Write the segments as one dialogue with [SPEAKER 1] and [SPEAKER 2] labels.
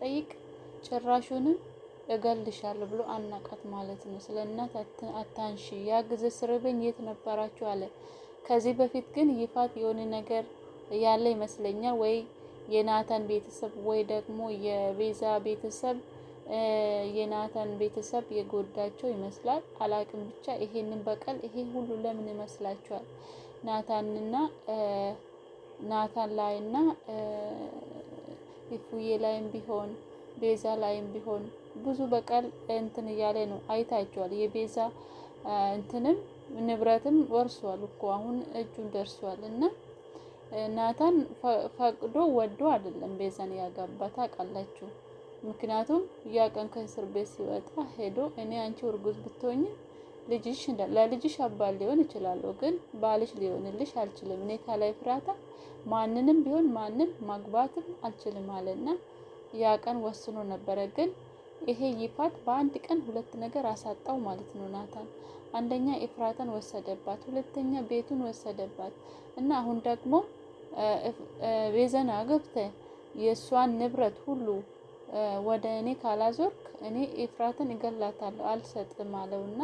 [SPEAKER 1] ሳትጠይቅ ጭራሹንም እገልሻል ብሎ አናቃት ማለት ነው። ስለ እናት አታንሺ። ያ ጊዜ ስርብኝ የት ነበራችሁ አለ። ከዚህ በፊት ግን ይፋት የሆነ ነገር ያለ ይመስለኛል ወይ የናታን ቤተሰብ ወይ ደግሞ የቤዛ ቤተሰብ የናታን ቤተሰብ የጎዳቸው ይመስላል። አላቅም ብቻ ይሄንን በቀል ይሄ ሁሉ ለምን ይመስላችኋል? ናታንና ናታን ላይና እፉዬ ላይም ቢሆን ቤዛ ላይም ቢሆን ብዙ በቀል እንትን እያለ ነው። አይታችኋል። የቤዛ እንትንም ንብረትም ወርሷል እኮ አሁን እጁን ደርሷል። እና ናታን ፈቅዶ ወዶ አይደለም ቤዛን ያጋባ አውቃላችሁ። ምክንያቱም ያ ቀን ከእስር ቤት ሲወጣ ሄዶ እኔ አንቺ እርጉዝ ብትሆኝ ልጅሽ ለልጅሽ አባል ሊሆን እችላለሁ፣ ግን ባልሽ ሊሆንልሽ አልችልም። እኔ ካላይ ፍራታ ማንንም ቢሆን ማንም ማግባትም አልችልም አለና ያ ቀን ወስኖ ነበረ። ግን ይሄ ይፋት በአንድ ቀን ሁለት ነገር አሳጣው ማለት ነው። ናታን አንደኛ ኤፍራታን ወሰደባት፣ ሁለተኛ ቤቱን ወሰደባት እና አሁን ደግሞ ቤዛን አግብተህ የእሷን ንብረት ሁሉ ወደ እኔ ካላዞርክ እኔ ኤፍራትን እገላታለሁ አልሰጥም አለውና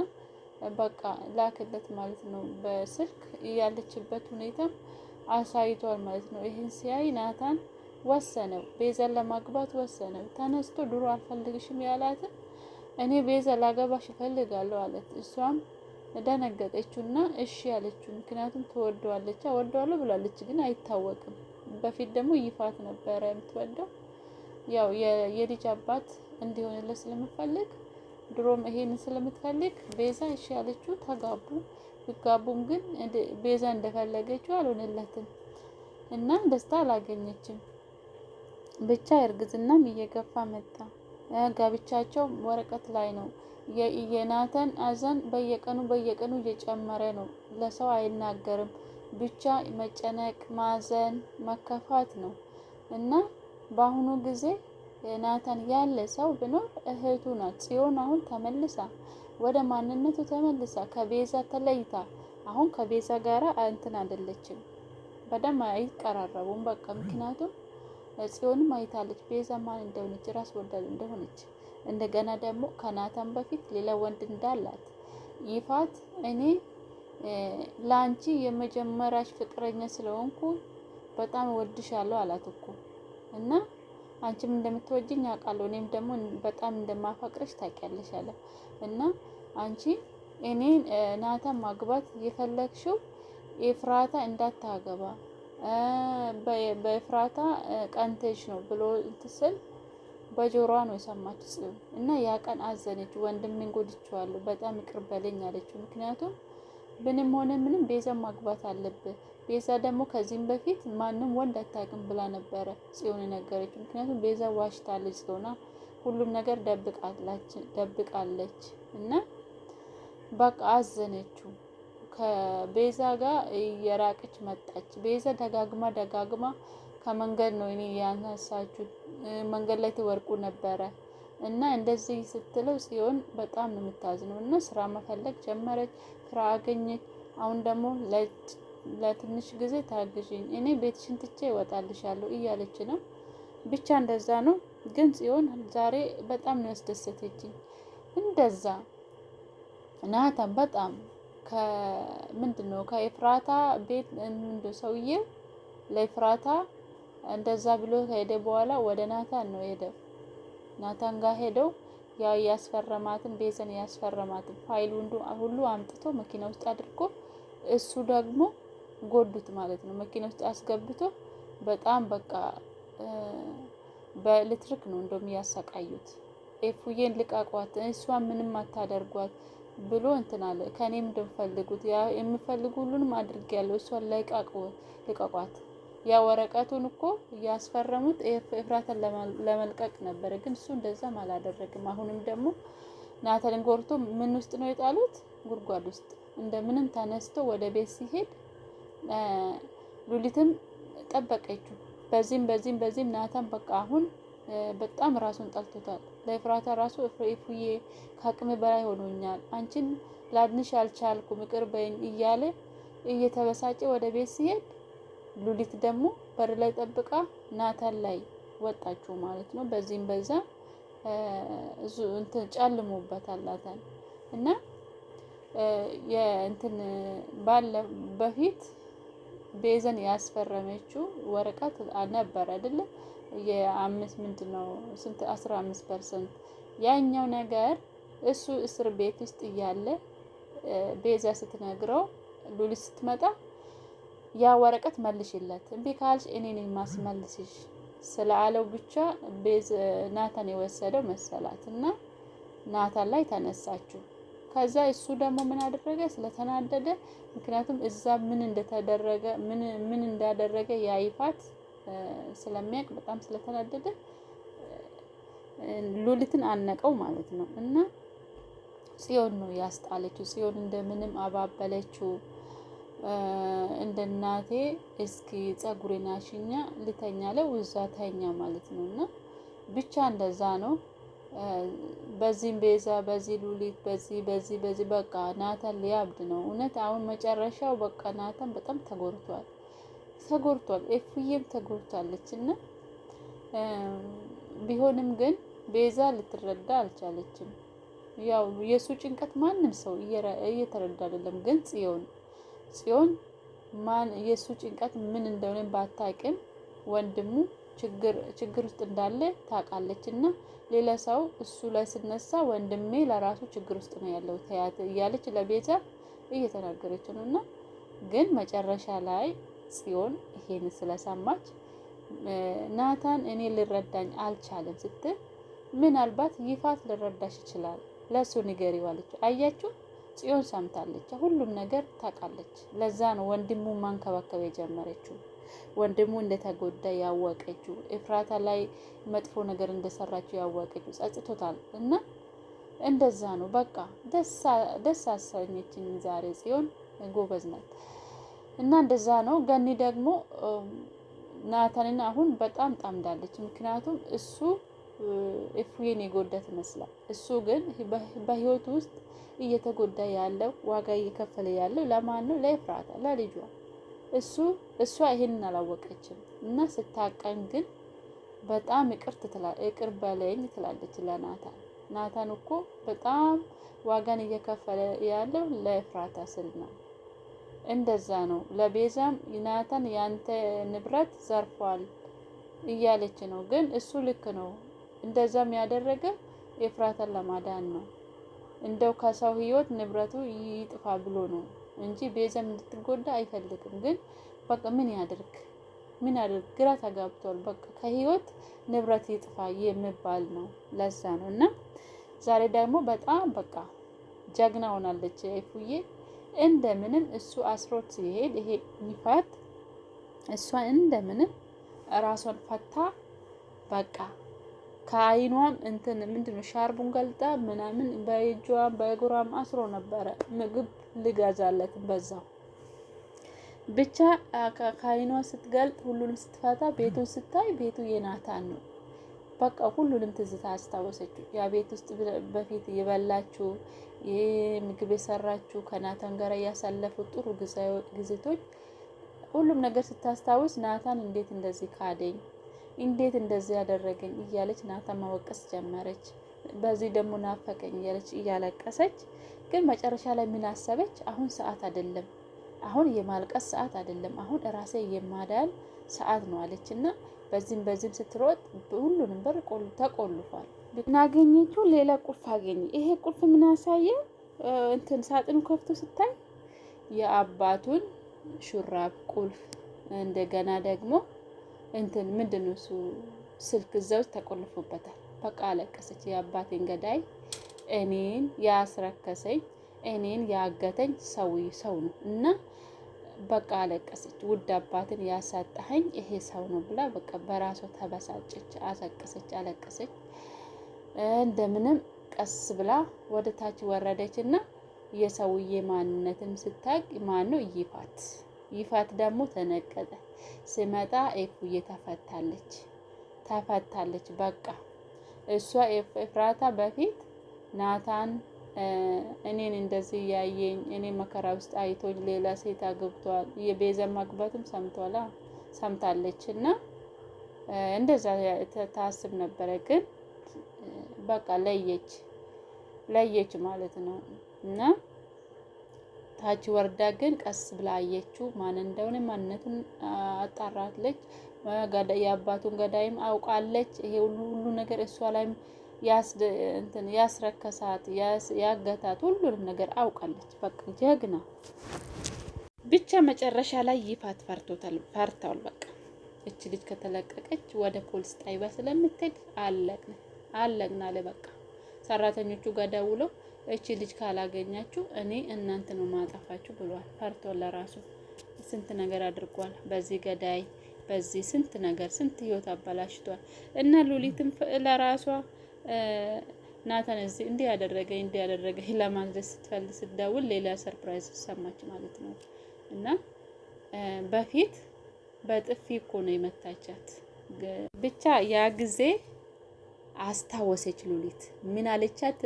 [SPEAKER 1] በቃ ላክለት ማለት ነው። በስልክ ያለችበት ሁኔታ አሳይቷል ማለት ነው። ይህን ሲያይ ናታን ወሰነው፣ ቤዛን ለማግባት ወሰነው። ተነስቶ ድሮ አልፈልግሽም ያላትን እኔ ቤዛ ላገባሽ እፈልጋለሁ አለት። እሷም ደነገጠችውና እሺ ያለችው ምክንያቱም ትወደዋለች። ወደዋለሁ ብላለች፣ ግን አይታወቅም። በፊት ደግሞ ይፋት ነበረ የምትወደው ያው የልጅ አባት እንዲሆንለት ስለምፈልግ ድሮም ይሄን ስለምትፈልግ ቤዛ እሺ ያለችው ተጋቡ። ቢጋቡም ግን ቤዛ እንደፈለገችው አልሆነለትም እና ደስታ አላገኘችም። ብቻ እርግዝናም እየገፋ መጣ። ጋብቻቸው ወረቀት ላይ ነው። የናተን አዘን በየቀኑ በየቀኑ እየጨመረ ነው። ለሰው አይናገርም። ብቻ መጨነቅ፣ ማዘን፣ መከፋት ነው እና በአሁኑ ጊዜ ናታን ያለ ሰው ብኖር እህቱ ናት ጽዮን። አሁን ተመልሳ ወደ ማንነቱ ተመልሳ ከቤዛ ተለይታ አሁን ከቤዛ ጋራ እንትን አይደለችም። በደም አይቀራረቡም። በቃ ምክንያቱም ጽዮንም አይታለች ቤዛ ማን እንደሆነች ራስ ወዳድ እንደሆነች እንደገና ደግሞ ከናታን በፊት ሌላ ወንድ እንዳላት ይፋት እኔ ለአንቺ የመጀመሪያሽ ፍቅረኛ ስለሆንኩ በጣም ወድሻለሁ አላት እኮ እና አንቺም እንደምትወጂኝ አውቃለሁ፣ እኔም ደግሞ በጣም እንደማፈቅርሽ ታውቂያለሽ አለ እና አንቺ እኔን ናታ ማግባት የፈለግሽው ኤፍራታ እንዳታገባ በኤፍራታ ቀንተሽ ነው ብሎ ትስል በጆሯ ነው የሰማችው እና ያ ቀን አዘነች። ወንድሜን ጎድቼዋለሁ፣ በጣም ይቅር በለኝ አለችው። ምክንያቱም ምንም ሆነ ምንም ቤዛ ማግባት አለብህ። ቤዛ ደግሞ ከዚህም በፊት ማንም ወንድ አታውቅም ብላ ነበረ ጽዮን ነገረች። ምክንያቱም ቤዛ ዋሽታለች ስለሆነ ሁሉም ነገር ደብቃለች እና በቃ አዘነችው። ከቤዛ ጋር እየራቀች መጣች። ቤዛ ደጋግማ ደጋግማ ከመንገድ ነው እኔ ያነሳችሁ መንገድ ላይ ትወርቁ ነበረ እና እንደዚህ ስትለው ሲሆን በጣም ነው የምታዝነው። እና ስራ መፈለግ ጀመረች፣ ስራ አገኘች። አሁን ደግሞ ለትንሽ ጊዜ ታግዥኝ፣ እኔ ቤትሽን ትቼ እወጣልሻለሁ እያለች ነው። ብቻ እንደዛ ነው። ግን ጽዮን ዛሬ በጣም ነው ያስደሰተችኝ። እንደዛ ናታን በጣም ከምንድን ነው ከኤፍራታ ቤት ምንድን ሰውዬ ለኤፍራታ እንደዛ ብሎ ከሄደ በኋላ ወደ ናታን ነው ሄደው ናታን ጋር ሄደው ያው ያስፈረማትን ቤዘን ያስፈረማትን ፋይል ሁሉ አምጥቶ መኪና ውስጥ አድርጎ እሱ ደግሞ ጎዱት ማለት ነው። መኪና ውስጥ አስገብቶ በጣም በቃ በኤሌክትሪክ ነው እንደውም ያሰቃዩት። ኤፉዬን ልቃቋት፣ እሷ ምንም አታደርጓት ብሎ እንትን አለ። ከእኔም እንደምፈልጉት የምፈልጉ ሁሉንም አድርጌያለሁ፣ እሷን ላይቃቋት ያ ወረቀቱን እኮ ያስፈረሙት ኤፍራተን ለመልቀቅ ነበረ፣ ግን እሱ እንደዛም አላደረግም። አሁንም ደግሞ ናታልን ጎርቶ ምን ውስጥ ነው የጣሉት? ጉድጓድ ውስጥ። እንደምንም ተነስቶ ወደ ቤት ሲሄድ ሉሊትም ጠበቀችው። በዚህም በዚህም በዚህም ናታን በቃ አሁን በጣም ራሱን ጠልቶታል። ለኤፍራታ ራሱ ኤፉዬ ከአቅም በላይ ሆኖኛል፣ አንቺን ላድንሽ አልቻልኩም፣ ይቅር በይኝ እያለ እየተበሳጨ ወደ ቤት ሲሄድ ሉሊት ደግሞ በር ላይ ጠብቃ ናታን ላይ ወጣችሁ ማለት ነው። በዚህም በዛ ጨልሞበታል ናታን እና የእንትን ባለ በፊት ቤዘን ያስፈረመችው ወረቀት ነበር አይደለ? የአምስት ምንድን ነው ስንት አስራ አምስት ፐርሰንት ያኛው ነገር እሱ እስር ቤት ውስጥ እያለ ቤዛ ስትነግረው ሉሊት ስትመጣ ያ ወረቀት መልሽለት፣ እምቢ ካልሽ እኔ ነኝ ማስመልስሽ ስለአለው ብቻ ናታን የወሰደው መሰላት እና ናታን ላይ ተነሳችው። ከዛ እሱ ደግሞ ምን አደረገ? ስለተናደደ ምክንያቱም እዛ ምን እንደተደረገ ምን እንዳደረገ ያይፋት ስለሚያውቅ በጣም ስለተናደደ ሉሊትን አነቀው ማለት ነው። እና ጽዮን ነው ያስጣለችው። ጽዮን እንደምንም አባበለችው። እንደ እናቴ እስኪ ጸጉሬን አሽኛ ልተኛ ለ ውዛ ተኛ ማለት ነው። እና ብቻ እንደዛ ነው። በዚህም ቤዛ፣ በዚህ ሉሊት፣ በዚህ በዚህ በዚህ በቃ ናታን ሊያብድ ነው እውነት። አሁን መጨረሻው በቃ ናታን በጣም ተጎርቷል ተጎርቷል። ኤፍዬም ተጎርቷለች። እና ቢሆንም ግን ቤዛ ልትረዳ አልቻለችም። ያው የእሱ ጭንቀት ማንም ሰው እየተረዳ አይደለም፣ ግን ጽዮን ሲሆን ማን የእሱ ጭንቀት ምን እንደሆነ ባታውቅም ወንድሙ ችግር ውስጥ እንዳለ ታውቃለች እና ሌላ ሰው እሱ ላይ ስነሳ ወንድሜ ለራሱ ችግር ውስጥ ነው ያለው እያለች ለቤዛ እየተናገረች ነው እና ግን መጨረሻ ላይ ጽዮን ይሄን ስለሰማች ናታን እኔ ልረዳኝ አልቻለም ስትል ምናልባት ይፋት ልረዳሽ ይችላል ለእሱ ንገሪው አለችው አያችሁ ጽዮን ሰምታለች፣ ሁሉም ነገር ታውቃለች። ለዛ ነው ወንድሙ ማንከባከብ የጀመረችው ወንድሙ እንደተጎዳ ያወቀችው እፍራታ ላይ መጥፎ ነገር እንደሰራችው ያወቀችው ጸጽቶታል። እና እንደዛ ነው በቃ ደስ አሰኘችኝ ዛሬ ጽዮን ጎበዝ ናት። እና እንደዛ ነው ገኒ ደግሞ ናታንን አሁን በጣም ጣምዳለች። ምክንያቱም እሱ እፉዬን የጎዳ ትመስላል። እሱ ግን በህይወት ውስጥ እየተጎዳ ያለው ዋጋ እየከፈለ ያለው ለማን ነው? ለኤፍራታ ለልጇ። እሱ እሷ ይሄንን አላወቀችም እና ስታቀን ግን በጣም ይቅር በለኝ ትላለች ለናታን። ናታን እኮ በጣም ዋጋን እየከፈለ ያለው ለኤፍራታ ስል ነው። እንደዛ ነው። ለቤዛም ናታን ያንተ ንብረት ዘርፏል እያለች ነው። ግን እሱ ልክ ነው እንደዛም ያደረገ ኤፍራታን ለማዳን ነው። እንደው ከሰው ህይወት ንብረቱ ይጥፋ ብሎ ነው እንጂ ቤዛም እንድትጎዳ አይፈልግም። ግን በቃ ምን ያደርግ ምን ያደርግ ግራ ተጋብቷል። በቃ ከህይወት ንብረት ይጥፋ የሚባል ነው። ለዛ ነው እና ዛሬ ደግሞ በጣም በቃ ጀግና ሆናለች ኤፉዬ። እንደምንም እሱ አስሮት ሲሄድ ይሄ ይፋት እሷ እንደምንም ራሷን ፈታ በቃ ከአይኗም እንትን ምንድን ሻርቡን ገልጣ ምናምን በእጇም በእግሯም አስሮ ነበረ። ምግብ ልገዛለት በዛው ብቻ ከአይኗ ስትገልጥ ሁሉንም ስትፈታ ቤቱን ስታይ ቤቱ የናታን ነው። በቃ ሁሉንም ትዝታ አስታወሰችው። ያ ቤት ውስጥ በፊት የበላችሁ ምግብ የሰራችሁ ከናታን ጋር እያሳለፉ ጥሩ ጊዜቶች ሁሉም ነገር ስታስታውስ ናታን እንዴት እንደዚህ ካደኝ እንዴት እንደዚህ ያደረገኝ እያለች ናታ መወቀስ ጀመረች። በዚህ ደግሞ ናፈቀኝ እያለች እያለቀሰች ግን መጨረሻ ላይ ምን አሰበች? አሁን ሰዓት አይደለም፣ አሁን የማልቀስ ሰዓት አይደለም፣ አሁን ራሴ የማዳን ሰዓት ነው አለች እና በዚህም በዚህም ስትሮጥ ሁሉንም በር ተቆልፏል። ናገኘችው ሌላ ቁልፍ አገኘ። ይሄ ቁልፍ ምን ያሳየ? እንትን ሳጥኑ ከፍቶ ስታይ የአባቱን ሹራብ ቁልፍ እንደገና ደግሞ እንትን ምንድን ነው እሱ ስልክ እዛ ውስጥ ተቆልፎበታል። በቃ አለቀሰች። የአባቴን ገዳይ እኔን ያስረከሰኝ እኔን ያገተኝ ሰው ሰው ነው እና በቃ አለቀሰች። ውድ አባትን ያሳጣኸኝ ይሄ ሰው ነው ብላ በቃ በራሷ ተበሳጨች፣ አሰቀሰች፣ አለቀሰች። እንደምንም ቀስ ብላ ወደ ታች ወረደች እና የሰውዬ ማንነትም ስታቅ ማን ነው ይፋት፣ ይፋት ደግሞ ተነቀጠ። ስመጣ ኤፉዬ ተፈታለች ተፈታለች። በቃ እሷ ኤፍራታ በፊት ናታን እኔን እንደዚህ ያየኝ እኔ መከራ ውስጥ አይቶኝ ሌላ ሴት አግብቷል የቤዛ ማግባትም ሰምቷላ ሰምታለች እና እንደዛ ታስብ ነበረ። ግን በቃ ለየች ለየች ማለት ነው እና ታች ወርዳ ግን ቀስ ብላ አየችው። ማን እንደሆነ ማንነቱን አጣራለች። የአባቱን ገዳይም አውቃለች። ይሄ ሁሉ ሁሉ ነገር እሷ ላይም ያስረከሳት ያገታት ሁሉንም ነገር አውቃለች። በቃ ጀግና ብቻ። መጨረሻ ላይ ይፋት ፈርቶታል፣ ፈርታዋል። በቃ እች ልጅ ከተለቀቀች ወደ ፖሊስ ጣቢያ ስለምትሄድ አለቅን አለቅን ለበቃ በቃ ሰራተኞቹ ጋር ደውለው እቺ ልጅ ካላገኛችሁ እኔ እናንተ ነው ማጠፋችሁ ብሏል። ፈርቶ ለራሱ ስንት ነገር አድርጓል። በዚህ ገዳይ፣ በዚህ ስንት ነገር ስንት ህይወት አበላሽቷል። እና ሉሊትም ለራሷ ናታን እዚ እንዲህ ያደረገ እንዲህ ያደረገ ለማድረስ ስትፈልግ ስትደውል ሌላ ሰርፕራይዝ ሰማች ማለት ነው። እና በፊት በጥፊ እኮ ነው የመታቻት ብቻ ያ ጊዜ አስታወሰች። ሉሊት ምን አለቻት?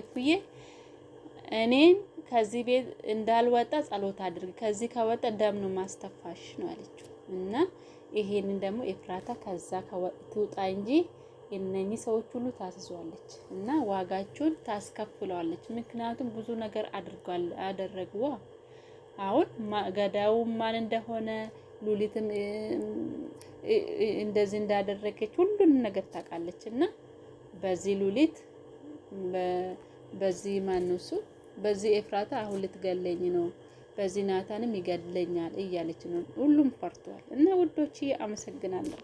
[SPEAKER 1] እኩዬ እኔን ከዚህ ቤት እንዳልወጣ ጸሎት አድርግ፣ ከዚህ ከወጣ ደም ነው ማስተፋሽ ነው አለችው። እና ይሄንን ደግሞ ኤፍራታ ከዛ ትውጣ እንጂ የነኚህ ሰዎች ሁሉ ታስዟለች እና ዋጋቸውን ታስከፍለዋለች። ምክንያቱም ብዙ ነገር አድርጓል አደረግዋ አሁን ገዳዩ ማን እንደሆነ ሉሊትም እንደዚህ እንዳደረገች ሁሉን ነገር ታውቃለች። እና በዚህ ሉሊት በዚህ ማንሱ በዚህ ኤፍራታ አሁን ልትገለኝ ነው፣ በዚህ ናታንም ይገለኛል እያለች ነው። ሁሉም ፈርቷል። እና ውዶች አመሰግናለሁ።